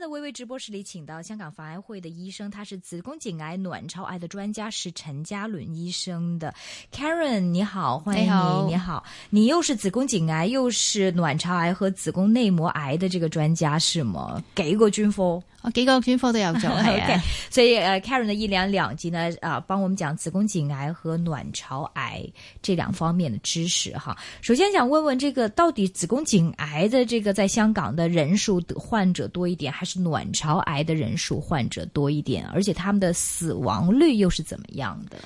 在微微直播室裏，請到香港防癌會的醫生，他是子宮頸癌、卵巢癌的專家，是陳嘉倫醫生的 Karen。你好，歡迎你。你好，你好，你又是子宮頸癌，又是卵巢癌和子宮內膜癌的這個專家是嗎？給個軍方，我幾個軍方都有做。 o Okay , K， 所以，誒，Karen 的一連兩集呢，啊，幫我們講子宮頸癌和卵巢癌這兩方面的知識，哈。首先想問問，這個到底子宮頸癌的這個在香港的人數的患者多一點，還是？卵巢癌的人數患者多一點，而且他們的死亡率又是怎麼樣的？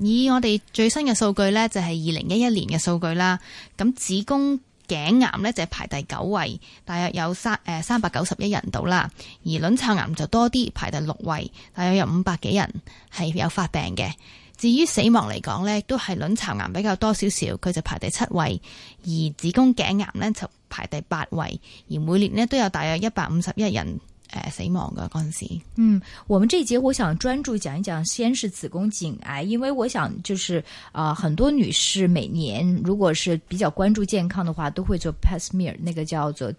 以我哋最新嘅數據呢，就係二零一一年嘅數據啦。咁子宮頸癌呢，就係排第九位，大約有三誒三百九十一人到啦。而卵巢癌就多啲，排第六位，大約有五百幾人係有發病嘅。至於死亡嚟講咧，都係卵巢癌比較多少少，佢就排第七位；而子宮頸癌咧就排第八位。而每年呢，都有大約一百五十一人誒、呃、死亡嘅嗰陣時。嗯，我們這節我想專注講一講，先是子宮頸癌，因為我想就是啊、呃，很多女士每年如果是比較關注健康的話，都會做 Pap smear，那個叫做。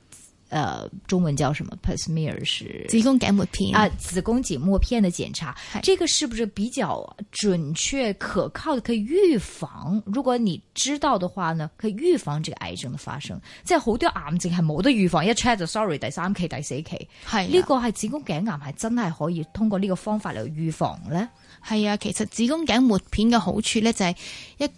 誒、呃，中文叫什麼 Pap smear 是子宮頸抹片啊，子宮頸抹片的檢查，是這個是不是比較準確可靠的？可以預防，如果你知道的話呢，可以預防這個癌症的發生。嗯、即係好多癌症係冇得預防，一 check 就 sorry 第三期、第四期。係呢、啊、個係子宮頸癌係真係可以通過呢個方法嚟預防咧？係啊，其實子宮頸抹片嘅好處咧就係、是、一。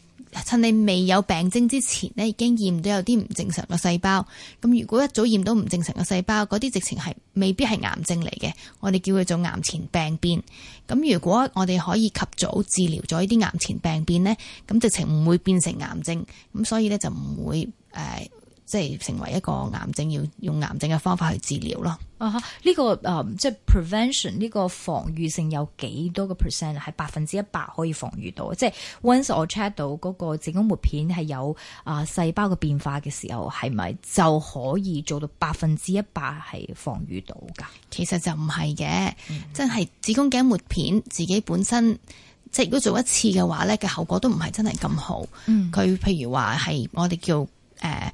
趁你未有病徵之前咧，已經驗到有啲唔正常嘅細胞。咁如果一早驗到唔正常嘅細胞，嗰啲直情係未必係癌症嚟嘅。我哋叫佢做癌前病變。咁如果我哋可以及早治療咗呢啲癌前病變呢，咁直情唔會變成癌症。咁所以呢，就唔會誒。即係成為一個癌症，要用癌症嘅方法去治療咯。啊哈！呢、這個誒、呃，即係 prevention 呢個防御性有幾多個 percent？係百分之一百可以防御到？即係 once 我 check 到嗰個子宮抹片係有啊、呃、細胞嘅變化嘅時候，係咪就可以做到百分之一百係防御到㗎？其實就唔係嘅，嗯、真係子宮頸抹片自己本身，即係如果做一次嘅話咧，嘅效果都唔係真係咁好。佢、嗯、譬如話係我哋叫誒。呃呃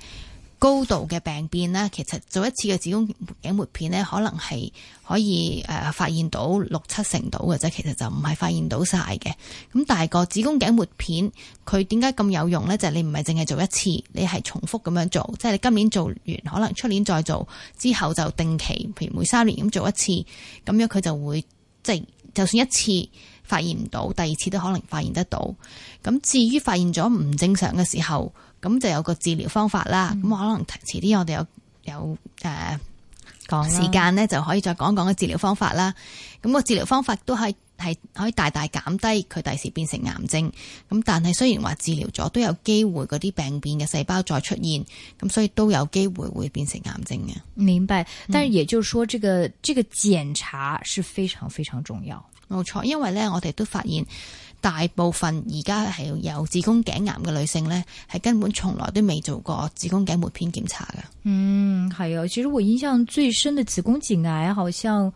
高度嘅病變呢，其實做一次嘅子宮頸抹片呢，可能係可以誒發現到六七成到嘅啫。其實就唔係發現到晒嘅。咁但係個子宮頸抹片佢點解咁有用呢？就係、是、你唔係淨係做一次，你係重複咁樣做。即係你今年做完，可能出年再做之後就定期，譬如每三年咁做一次，咁樣佢就會即係、就是、就算一次發現唔到，第二次都可能發現得到。咁至於發現咗唔正常嘅時候，咁就有個治療方法啦。咁、嗯、可能遲啲，我哋有有誒、呃、講啦時間呢，就可以再講講個治療方法啦。咁、個治療方法都係係可以大大減低佢第時變成癌症。咁但係雖然話治療咗都有機會嗰啲病變嘅細胞再出現，咁所以都有機會會變成癌症嘅。明白，但係也就是說，這個、嗯、這個檢查是非常非常重要。冇錯，因為咧，我哋都發現大部分而家係有子宮頸癌嘅女性咧，係根本從來都未做過子宮頸抹片檢查㗎。嗯，係啊，其實我印象最深嘅子宮頸癌，好像。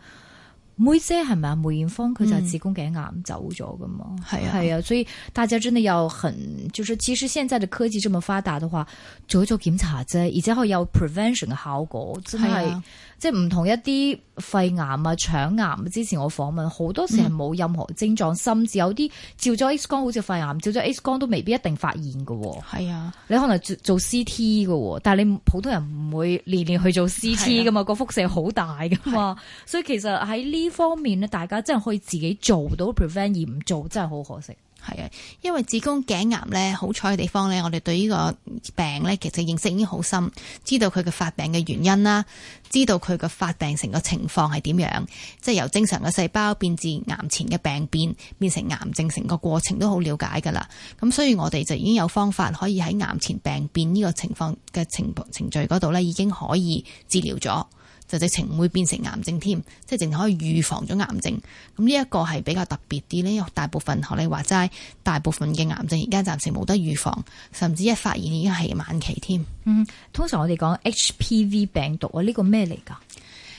妹姐係咪啊？梅艷芳佢就係子宮頸癌走咗噶嘛？係啊、嗯，係啊，所以大家真係有很，就是其實現在的科技這麼發達的話，做一做檢查啫，而且可以有 prevention 嘅效果，真是即係即係唔同一啲肺癌啊、腸癌。之前我訪問好多時係冇任何症狀，嗯、甚至有啲照咗 X 光好似肺癌，照咗 X 光都未必一定發現噶。係啊，你可能做做 CT 噶，但係你普通人唔會年年去做 CT 噶嘛，啊、個輻射好大噶嘛，是所以其實喺呢。方面呢，大家真係可以自己做到 prevent，而唔做真係好可惜。係啊，因為子宮頸癌呢，好彩嘅地方呢，我哋對呢個病呢，其實認識已經好深，知道佢嘅發病嘅原因啦，知道佢嘅發病成個情況係點樣，即係由正常嘅細胞變至癌前嘅病變，變成癌症成個過程都好了解噶啦。咁所以，我哋就已經有方法可以喺癌前病變呢個情況嘅程程序嗰度呢，已經可以治療咗。就直情會變成癌症添，即係淨可以預防咗癌症。咁呢一個係比較特別啲呢，因為大部分學你話齋，大部分嘅癌症而家暫時冇得預防，甚至一發現已經係晚期添。嗯，通常我哋講 HPV 病毒啊，呢個咩嚟噶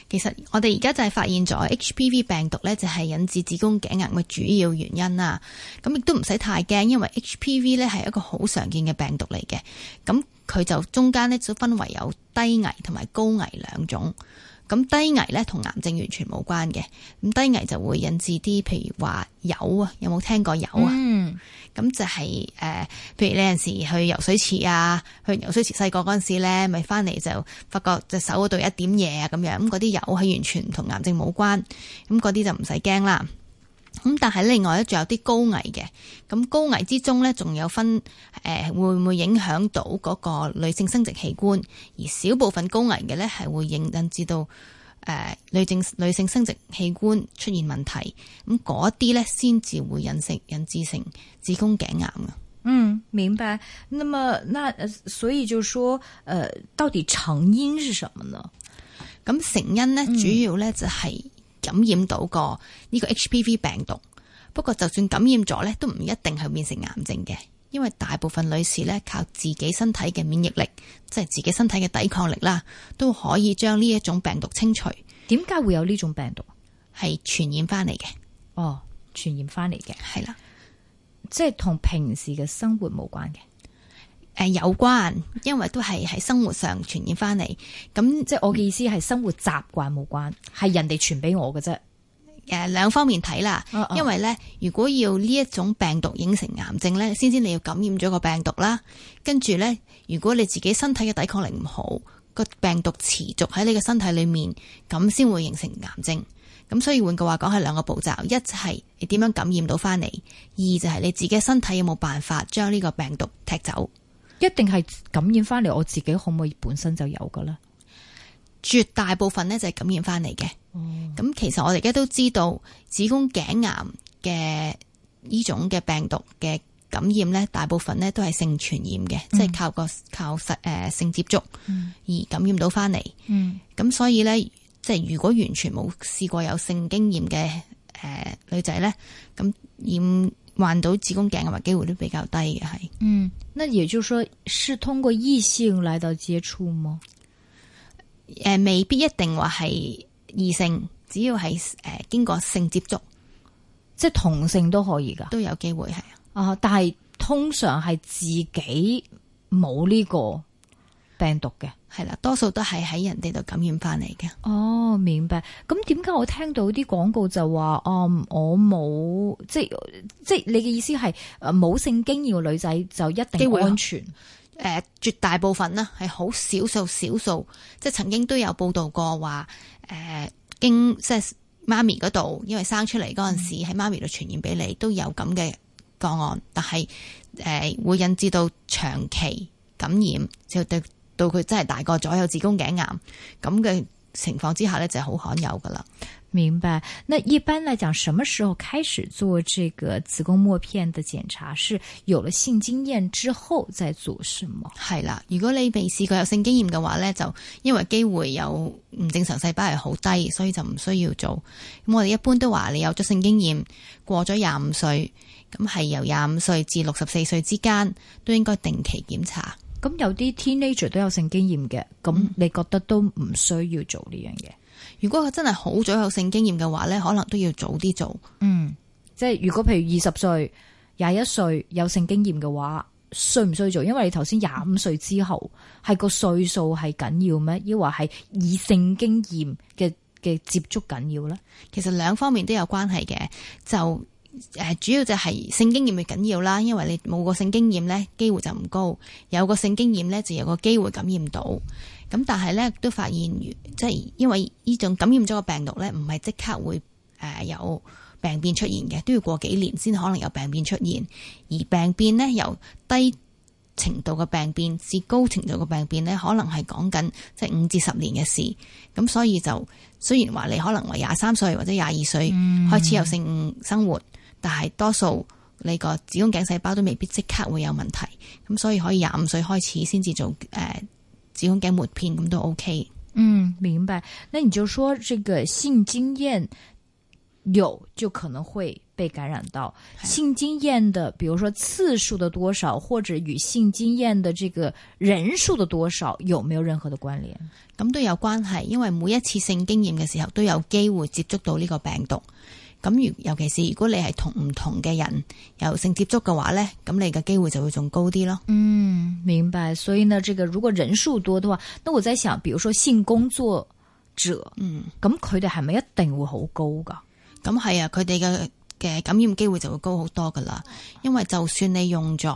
其實我哋而家就係發現咗 HPV 病毒呢，就係引致子宮頸癌嘅主要原因啦。咁亦都唔使太驚，因為 HPV 呢係一個好常見嘅病毒嚟嘅。咁佢就中間咧，就分為有低危同埋高危兩種。咁低危咧，同癌症完全冇關嘅。咁低危就會引致啲，譬如話疣啊，有冇聽過疣啊？咁、嗯、就係、是、誒、呃，譬如有陣時去游水池啊，去游水池，細個嗰陣時咧，咪翻嚟就發覺隻手嗰度一點嘢啊，咁樣咁嗰啲疣係完全同癌症冇關，咁嗰啲就唔使驚啦。咁但係另外咧，仲有啲高危嘅，咁高危之中咧，仲有分誒、呃，會唔會影響到嗰個女性生殖器官？而小部分高危嘅咧，係會影引致到誒女性女性生殖器官出現問題。咁嗰啲咧，先至會引成引致成子宮頸癌啊，嗯，明白。那麼，那所以就說，誒、呃，到底成因是什麼呢？咁成因咧，主要咧就係、嗯。感染到個呢個 HPV 病毒，不過就算感染咗呢，都唔一定係變成癌症嘅，因為大部分女士呢，靠自己身體嘅免疫力，即係自己身體嘅抵抗力啦，都可以將呢一種病毒清除。點解會有呢種病毒係傳染翻嚟嘅？哦，傳染翻嚟嘅係啦，即係同平時嘅生活冇關嘅。誒、呃，有關，因為都係喺生活上傳染翻嚟，咁即係我嘅意思係生活習慣冇關，係人哋傳俾我嘅啫。誒、呃，兩方面睇啦，哦哦因為呢，如果要呢一種病毒形成癌症呢，先先你要感染咗個病毒啦，跟住呢，如果你自己身體嘅抵抗力唔好，個病毒持續喺你嘅身體裏面，咁先會形成癌症。咁所以換句話講，係兩個步驟，一係你點樣感染到翻嚟，二就係你自己身體有冇辦法將呢個病毒踢走。一定係感染翻嚟，我自己可唔可以本身就有噶咧？絕大部分咧就係感染翻嚟嘅。咁、嗯、其實我哋而家都知道子宮頸癌嘅呢種嘅病毒嘅感染咧，大部分咧都係性傳染嘅，嗯、即係靠個靠實誒、uh, 性接觸而感染到翻嚟。咁、嗯嗯、所以咧，即係如果完全冇試過有性經驗嘅誒女仔咧，咁染。患到子宮頸嘅話，機會都比較低嘅係。嗯，那也就說，是通過異性嚟到接觸嗎？誒、呃，未必一定話係異性，只要係誒、呃、經過性接觸，即係同性都可以㗎，都有機會係啊，但係通常係自己冇呢、這個。病毒嘅係啦，多數都係喺人哋度感染翻嚟嘅。哦，明白。咁點解我聽到啲廣告就話，哦、嗯，我冇，即係即係你嘅意思係，誒，冇性經驗嘅女仔就一定會安全？誒、呃，絕大部分呢係好少數，少數，即係曾經都有報道過話，誒、呃，經即係媽咪嗰度，因為生出嚟嗰陣時喺媽、嗯、咪度傳染俾你，都有咁嘅個案，但係誒、呃、會引致到長期感染就對。到佢真係大個咗有子宮頸癌咁嘅情況之下呢，就係好罕有噶啦。明白。一般來講，什麼時候開始做這個子宮膜片嘅檢查？是有了性經驗之後再做什麼，是嗎？係啦。如果你未試過有性經驗嘅話呢，就因為機會有唔正常細胞係好低，所以就唔需要做。咁我哋一般都話你有咗性經驗，過咗廿五歲，咁係由廿五歲至六十四歲之間都應該定期檢查。咁有啲 teenager 都有性經驗嘅，咁你覺得都唔需要做呢樣嘢。如果佢真係好早有性經驗嘅話呢，可能都要早啲做。嗯，即係如果譬如二十歲、廿一歲有性經驗嘅話，需唔需要做？因為你頭先廿五歲之後係個、嗯、歲數係緊要咩？抑或係以性經驗嘅嘅接觸緊要呢？其實兩方面都有關係嘅，就。誒，主要就係性經驗咪緊要啦，因為你冇個性經驗咧，機會就唔高；有個性經驗咧，就有個機會感染到。咁但係咧，都發現即係因為呢種感染咗個病毒咧，唔係即刻會誒有病變出現嘅，都要過幾年先可能有病變出現。而病變咧，由低程度嘅病變至高程度嘅病變咧，可能係講緊即係五至十年嘅事。咁所以就雖然話你可能話廿三歲或者廿二歲開始有性生活。嗯但係多數你個子宮頸細胞都未必即刻會有問題，咁所以可以廿五歲開始先至做誒、呃、子宮頸抹片，咁都 OK。嗯，明白。那你就說，這個性經驗有就可能會被感染到。的性經驗的，比如說次數的多少，或者與性經驗的這個人數的多少，有沒有任何的關聯？咁、嗯嗯、都有關係，因為每一次性經驗嘅時候都有機會接觸到呢個病毒。咁如尤其是如果你係同唔同嘅人有性接觸嘅話咧，咁你嘅機會就會仲高啲咯。嗯，明白。所以呢，這個如果人數多嘅話，那我在想，比如說性工作者，嗯，咁佢哋係咪一定會好高噶？咁係、嗯、啊，佢哋嘅。嘅感染機會就會高好多噶啦，因為就算你用咗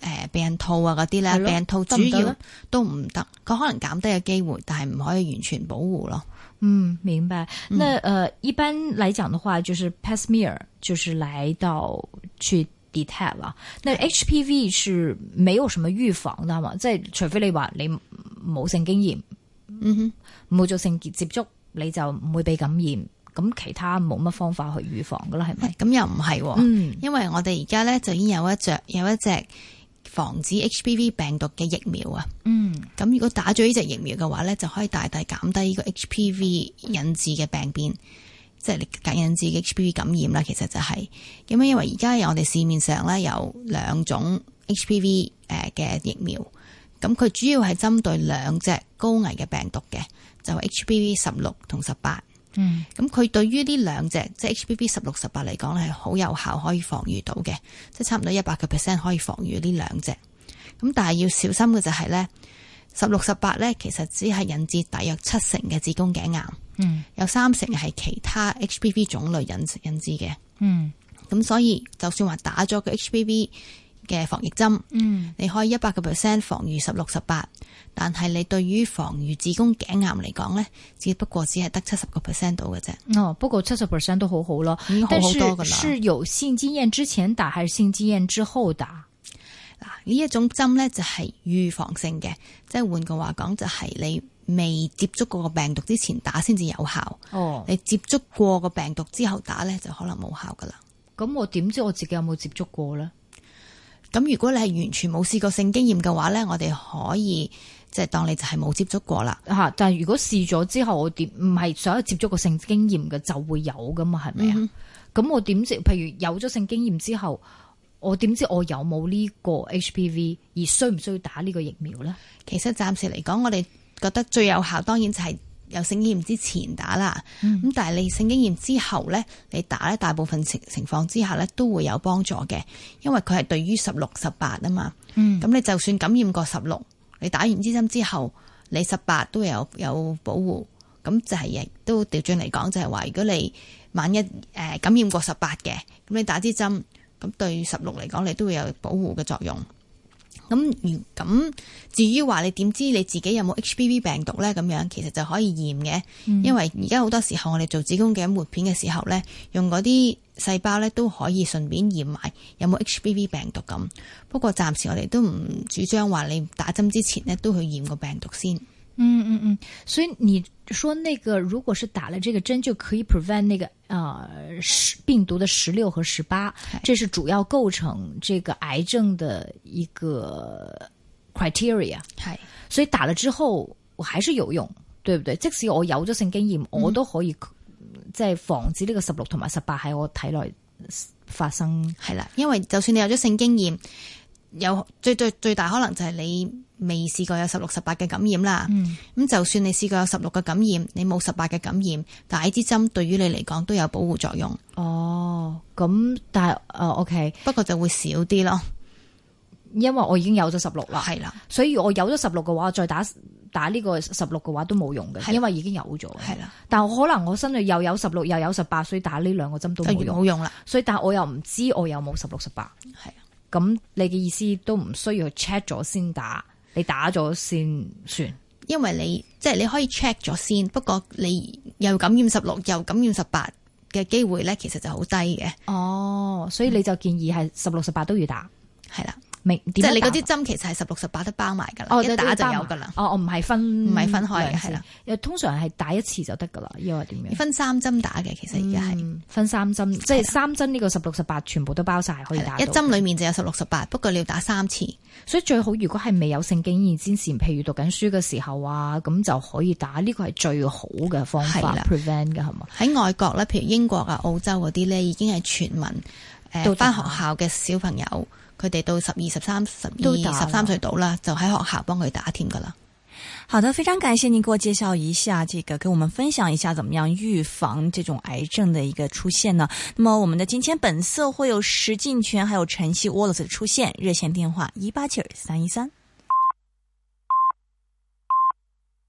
誒避孕套啊嗰啲咧，避孕套主要都唔得，佢可能減低嘅機會，但係唔可以完全保護咯。嗯，明白。嗯、那誒、呃、一般嚟講嘅話，就是 Pap smear 就是來到去 detect 啦的。那 HPV 是沒有什麼預防嘅嘛，即係的除非你話你冇性經驗，冇做、嗯、哼性接觸，你就唔會被感染。咁其他冇乜方法去預防噶啦，係咪？咁、啊、又唔係、啊，嗯，因為我哋而家咧就已經有一隻有一隻防止 H P V 病毒嘅疫苗啊。嗯，咁如果打咗呢隻疫苗嘅話咧，就可以大大減低呢個 H P V 引致嘅病變，即係引致嘅 H P V 感染啦。其實就係咁樣，因為而家有我哋市面上咧有兩種 H P V 誒嘅疫苗，咁佢主要係針對兩隻高危嘅病毒嘅，就係、H P V 十六同十八。嗯，咁佢對於呢兩隻即係 HPV 十六、十八嚟講咧，係好有效可以防禦到嘅，即係差唔多一百個 percent 可以防禦呢兩隻。咁但係要小心嘅就係呢十六、十八呢，其實只係引致大約七成嘅子宮頸癌，嗯，有三成係其他 HPV 種類引引致嘅，嗯，咁所以就算話打咗個 HPV 嘅防疫針，嗯，你可以一百個 percent 防御十六十八，18, 但係你對於防御子宮頸癌嚟講咧，只不過只係得七十個 percent 到嘅啫。哦，不過七十 percent 都好好咯，已經、嗯、是好多噶啦。但是是有性經驗之前打，還是性經驗之後打？嗱，呢一種針咧就係預防性嘅，即係換句話講，就係、是、你未接觸過個病毒之前打先至有效。哦，你接觸過個病毒之後打咧，就可能冇效噶啦。咁、哦、我點知我自己有冇接觸過咧？咁如果你係完全冇試過性經驗嘅話呢，我哋可以即係、就是、當你就係冇接觸過啦嚇、啊。但係如果試咗之後，我點唔係所有接觸過性經驗嘅就會有㗎嘛？係咪啊？咁、嗯、哼我點知？譬如有咗性經驗之後，我點知我有冇呢個 HPV 而需唔需要打呢個疫苗呢？其實暫時嚟講，我哋覺得最有效當然就係、是。有性經驗之前打啦，咁、嗯、但係你性經驗之後呢，你打呢大部分情情況之下呢，都會有幫助嘅，因為佢係對於十六、十八啊嘛。咁、嗯、你就算感染過十六，你打完支針之後，你十八都有有保護。咁就係、亦、都調轉嚟講，就係、是、話如果你萬一誒感染過十八嘅，咁你打支針，咁對十六嚟講，你都會有保護嘅作用。咁如咁，至於話你點知你自己有冇 HPV 病毒呢？咁樣其實就可以驗嘅，嗯、因為而家好多時候我哋做子宮頸活片嘅時候呢，用嗰啲細胞呢都可以順便驗埋有冇 HPV 病毒咁。不過暫時我哋都唔主張話你打針之前呢都去驗個病毒先。嗯嗯嗯，所以你說那個如果是打了這個針就可以 prevent 那個，呃，病毒的十六和十八是，這是主要構成這個癌症的一個 criteria。係是，所以打了之後，我還是有用，對不對？即使我有咗性經驗，我都可以即係防止呢個十六同埋十八喺我體內發生。係啦，因為就算你有咗性經驗，有最最最大可能就係你。未試過有十六、十八嘅感染啦。咁、嗯、就算你試過有十六嘅感染，你冇十八嘅感染，但呢支針對於你嚟講都有保護作用。哦，咁但係，o K。呃 okay、不過就會少啲咯，因為我已經有咗十六啦。係啦的，所以我有咗十六嘅話，我再打打呢個十六嘅話都冇用嘅，的因為已經有咗。係啦的，但係可能我身裏又有十六又有十八，所以打呢兩個針都冇用啦。用所以，但我又唔知我有冇十六、十八。係啊的，咁你嘅意思都唔需要去 check 咗先打。你打咗先算，因為你即係、就是、你可以 check 咗先，不過你又感染十六又感染十八嘅機會呢，其實就好低嘅。哦，所以你就建議係十六、十八都要打，係啦。 即係你嗰啲針其實係十六十八都包埋噶啦，一打就有噶啦。哦，我唔係分唔係分開嘅，係啦。通常係打一次就得噶啦，因為點樣？分三針打嘅，其實而家係分三針，即係三針呢個十六十八全部都包晒，可以打到，一針裡面就有十六十八，不過你要打三次，所以最好如果係未有性經驗之前，譬如讀緊書嘅時候啊，咁就可以打呢個係最好嘅方法 prevent 嘅係嘛？喺外國咧，譬如英國啊、澳洲嗰啲咧，已經係全民。到返學校嘅小朋友，佢哋到十二、十三、十二、十三歲到啦，就喺學校幫佢打針㗎喇。好的，非常感謝你給我介紹一下，這個給我們分享一下，怎麼樣預防這種癌症的一個出現呢？那麼我們的今天本色會有石鏡泉，還有晨曦 Wallace 出現，熱線電話一八七三一三。